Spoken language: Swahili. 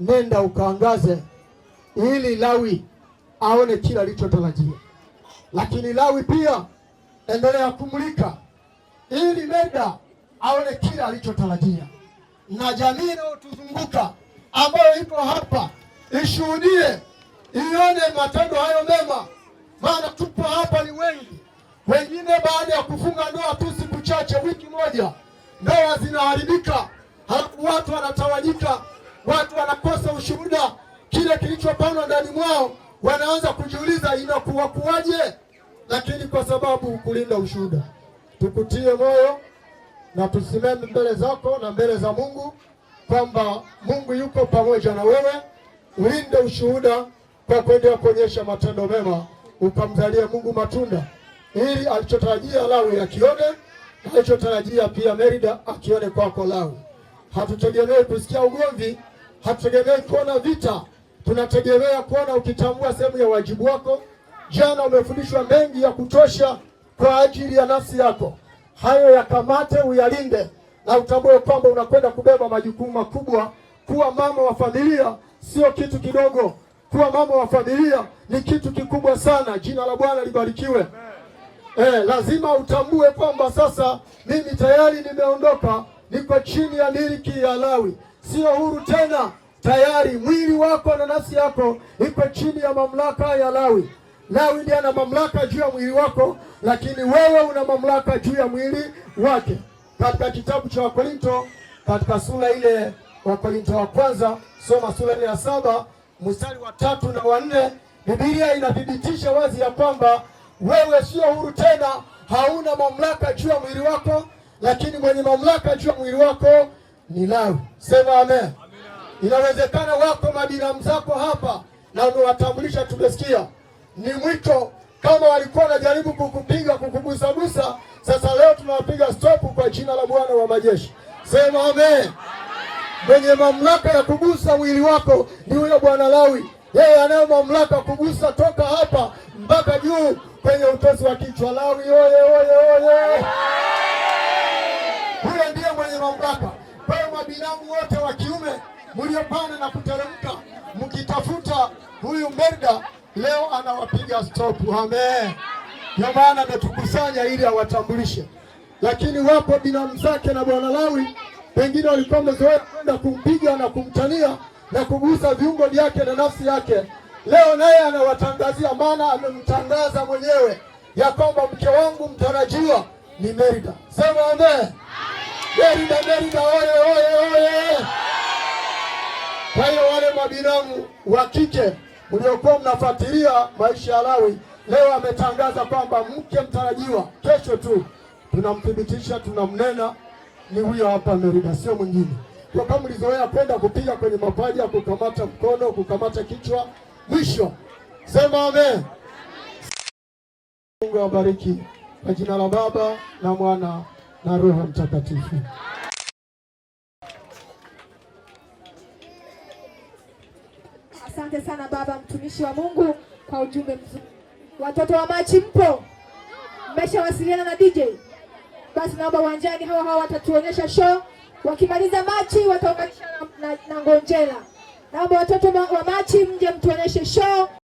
nenda ukaangaze, ili Lawi aone kila alichotarajia. Lakini Lawi pia endelea kumulika, ili Leda aone kila alichotarajia, na jamii inayotuzunguka ambayo ipo hapa ishuhudie, ione matendo hayo mema, maana tupo hapa ni wengi wengine baada ya kufunga ndoa tu siku chache, wiki moja, ndoa zinaharibika, watu wanatawanyika, watu wanakosa ushuhuda, kile kilichopanwa ndani mwao wanaanza kujiuliza inakuwa kuwaje? Lakini kwa sababu kulinda ushuhuda, tukutie moyo na tusimame mbele zako na mbele za Mungu kwamba Mungu yuko pamoja na wewe. Ulinde ushuhuda kwa kuendelea kuonyesha matendo mema, ukamzalia Mungu matunda, ili alichotarajia Lawi akione, alichotarajia pia Merida akione kwako. Lawi, hatutegemei kusikia ugomvi hatutegemei kuona vita, tunategemea kuona ukitambua sehemu ya wajibu wako. Jana umefundishwa mengi ya kutosha kwa ajili ya nafsi yako. Hayo yakamate, uyalinde na utambue kwamba unakwenda kubeba majukumu makubwa. Kuwa mama wa familia sio kitu kidogo, kuwa mama wa familia ni kitu kikubwa sana. Jina la Bwana libarikiwe. Eh, lazima utambue kwamba sasa mimi tayari nimeondoka, niko chini ya miliki ya Lawi sio huru tena, tayari mwili wako na nafsi yako iko chini ya mamlaka ya Lawi. Lawi ndiye ana mamlaka juu ya mwili wako, lakini wewe una mamlaka juu ya mwili wake. Katika kitabu cha Wakorinto katika sura ile, Wakorinto wa kwanza, soma sura ile ya saba mstari wa tatu na wa nne. Biblia inathibitisha wazi ya kwamba wewe sio huru tena, hauna mamlaka juu ya mwili wako, lakini mwenye mamlaka juu ya mwili wako ni Lawi. Sema amen. Inawezekana wako mabinamu zako hapa na umewatambulisha, tumesikia ni mwito. Kama walikuwa wanajaribu kukupiga kukugusagusa, sasa leo tunawapiga stopu kwa jina la Bwana wa majeshi. Sema amen. Mwenye mamlaka ya kugusa mwili wako ni huyo bwana Lawi. Yeye anayo mamlaka kugusa toka hapa mpaka juu kwenye utosi wa kichwa. Lawi oye oye oye! Huyo ndiye mwenye mamlaka binamu wote wa kiume mliopanda na kuteremka mkitafuta huyu Merda, leo anawapiga stop. Amen. Ndio maana ametukusanya ili awatambulishe, lakini wapo binamu zake na bwana Lawi pengine walikuwa wamezoea kwenda kumpiga na kumtania na kugusa viungo vyake na nafsi yake. Leo naye anawatangazia, maana amemtangaza mwenyewe ya kwamba mke wangu mtarajiwa ni merda Sema amen. Berida, Berida oye, oye, oye! Kwa hiyo wale mabinamu wa kike mliokuwa mnafuatilia maisha ya Lawi, leo ametangaza kwamba mke mtarajiwa kesho tu tunamthibitisha, tunamnena ni huyo hapa Merida, sio mwingine. Kwa kama mlizoea kwenda kupiga kwenye mapaja, kukamata mkono, kukamata kichwa, mwisho sema amen. Mungu awabariki kwa jina la Baba na Mwana na Roho Mtakatifu. Asante sana baba mtumishi wa Mungu kwa ujumbe mzuri. Watoto wa Machi mpo? Mmeshawasiliana na DJ? Basi naomba uwanjani, hawa hawa watatuonyesha show. Wakimaliza Machi wataunganisha na, na, na Ngonjera. Naomba watoto wa Machi mje mtuonyeshe show.